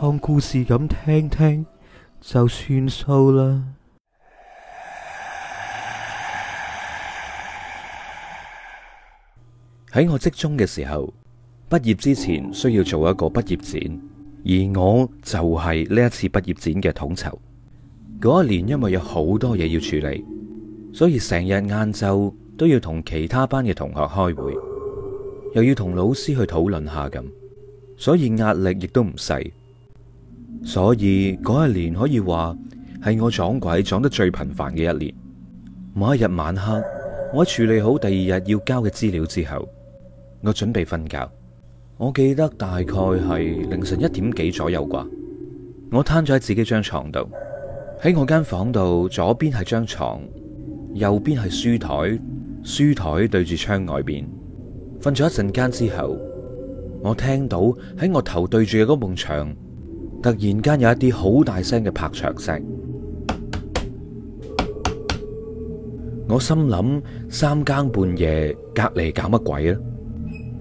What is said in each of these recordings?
當故事咁聽聽就算數啦。喺我職中嘅時候，畢業之前需要做一個畢業展，而我就係呢一次畢業展嘅統籌。嗰一年因為有好多嘢要處理，所以成日晏晝都要同其他班嘅同學開會，又要同老師去討論下咁，所以壓力亦都唔細。所以嗰一年可以話係我撞鬼撞得最頻繁嘅一年。某一日晚黑，我喺處理好第二日要交嘅資料之後，我準備瞓覺。我記得大概係凌晨一點幾左右啩。我攤咗喺自己張床度，喺我間房度，左邊係張床，右邊係書台，書台對住窗外邊。瞓咗一陣間之後，我聽到喺我頭對住嘅嗰埲牆。突然間有一啲好大聲嘅拍牆聲，我心諗三更半夜隔籬搞乜鬼啊！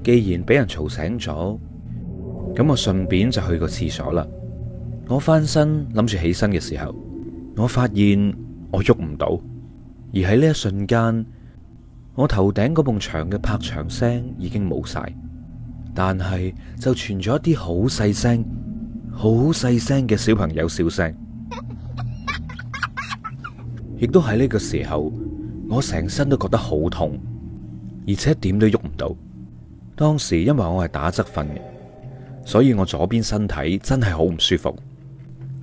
既然俾人嘈醒咗，咁我順便就去個廁所啦。我翻身諗住起身嘅時候，我發現我喐唔到，而喺呢一瞬間，我頭頂嗰埲牆嘅拍牆聲已經冇晒，但係就傳咗一啲好細聲。好細聲嘅小朋友笑聲，亦都喺呢個時候，我成身都覺得好痛，而且點都喐唔到。當時因為我係打側瞓，所以我左邊身體真係好唔舒服。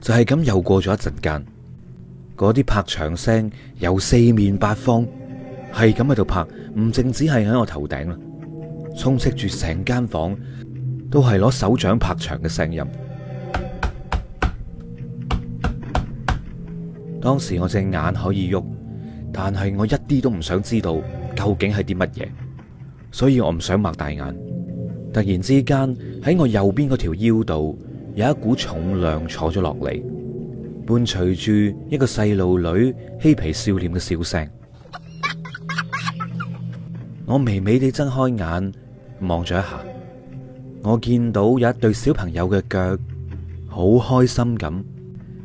就係咁又過咗一陣間，嗰啲拍牆聲由四面八方係咁喺度拍，唔淨止係喺我頭頂，充斥住成間房，都係攞手掌拍牆嘅聲音。當時我只眼可以喐，但係我一啲都唔想知道究竟係啲乜嘢，所以我唔想擘大眼。突然之間，喺我右邊嗰條腰度有一股重量坐咗落嚟，伴隨住一個細路女嬉皮笑臉嘅笑聲。我微微地睜開眼，望咗一下，我見到有一對小朋友嘅腳，好開心咁。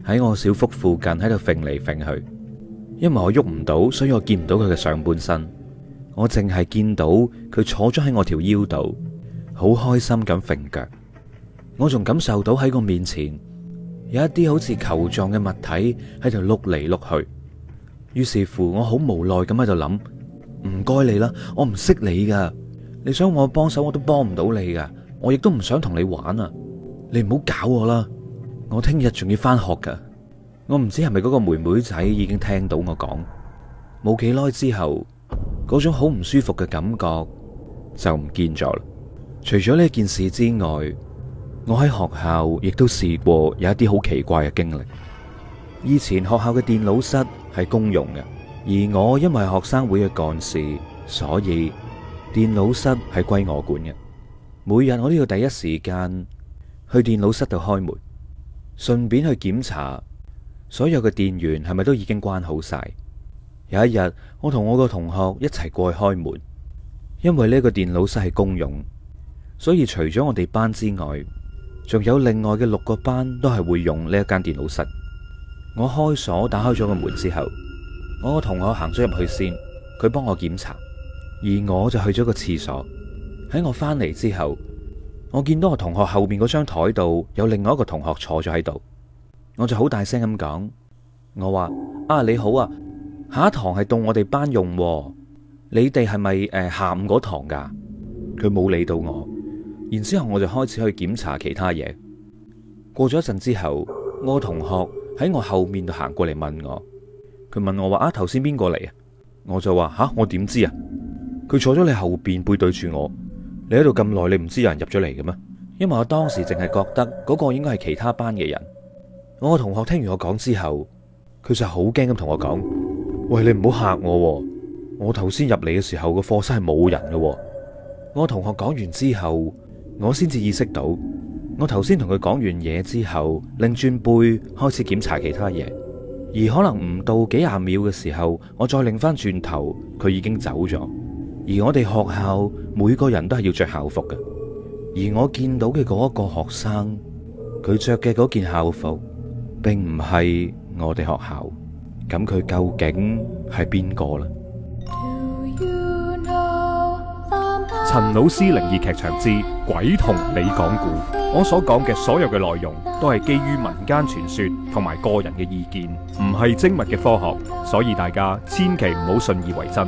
喺我小腹附近喺度揈嚟揈去，因為我喐唔到，所以我見唔到佢嘅上半身。我淨係見到佢坐咗喺我條腰度，好開心咁揈腳。我仲感受到喺我面前有一啲好似球狀嘅物體喺度碌嚟碌去。於是乎，我好無奈咁喺度諗：唔該你啦，我唔識你噶，你想我幫手我都幫唔到你噶，我亦都唔想同你玩啊！你唔好搞我啦。我聽日仲要翻學噶，我唔知係咪嗰個妹妹仔已經聽到我講。冇幾耐之後，嗰種好唔舒服嘅感覺就唔見咗啦。除咗呢件事之外，我喺學校亦都試過有一啲好奇怪嘅經歷。以前學校嘅電腦室係公用嘅，而我因為係學生會嘅幹事，所以電腦室係歸我管嘅。每日我都要第一時間去電腦室度開門。順便去檢查所有嘅電源係咪都已經關好晒。有一日，我同我個同學一齊過去開門，因為呢個電腦室係公用，所以除咗我哋班之外，仲有另外嘅六個班都係會用呢一間電腦室。我開鎖打開咗個門之後，我個同學行咗入去先，佢幫我檢查，而我就去咗個廁所。喺我翻嚟之後，我見到我同學後面嗰張台度有另外一個同學坐咗喺度，我就好大聲咁講，我話啊你好啊，下一堂係到我哋班用，你哋係咪誒下午嗰堂噶？佢冇理到我，然之後我就開始去檢查其他嘢。過咗一陣之後，我同學喺我後面度行過嚟問我，佢問我話啊頭先邊個嚟啊？我就話吓我點知啊？佢坐咗你後邊背對住我。你喺度咁耐，你唔知有人入咗嚟嘅咩？因為我當時淨係覺得嗰個應該係其他班嘅人。我同學聽完我講之後，佢就好驚咁同我講：喂，你唔好吓我喎！我頭先入嚟嘅時候，個課室係冇人嘅。我同學講完之後，我先至意識到，我頭先同佢講完嘢之後，擰轉背開始檢查其他嘢，而可能唔到幾廿秒嘅時候，我再擰翻轉頭，佢已經走咗。而我哋學校每個人都係要着校服嘅，而我見到嘅嗰一個學生，佢着嘅嗰件校服，並唔係我哋學校，咁佢究竟係邊個呢？陳老師靈異劇場之鬼同你講古，我所講嘅所有嘅內容都係基於民間傳說同埋個人嘅意見，唔係精密嘅科學，所以大家千祈唔好信以為真。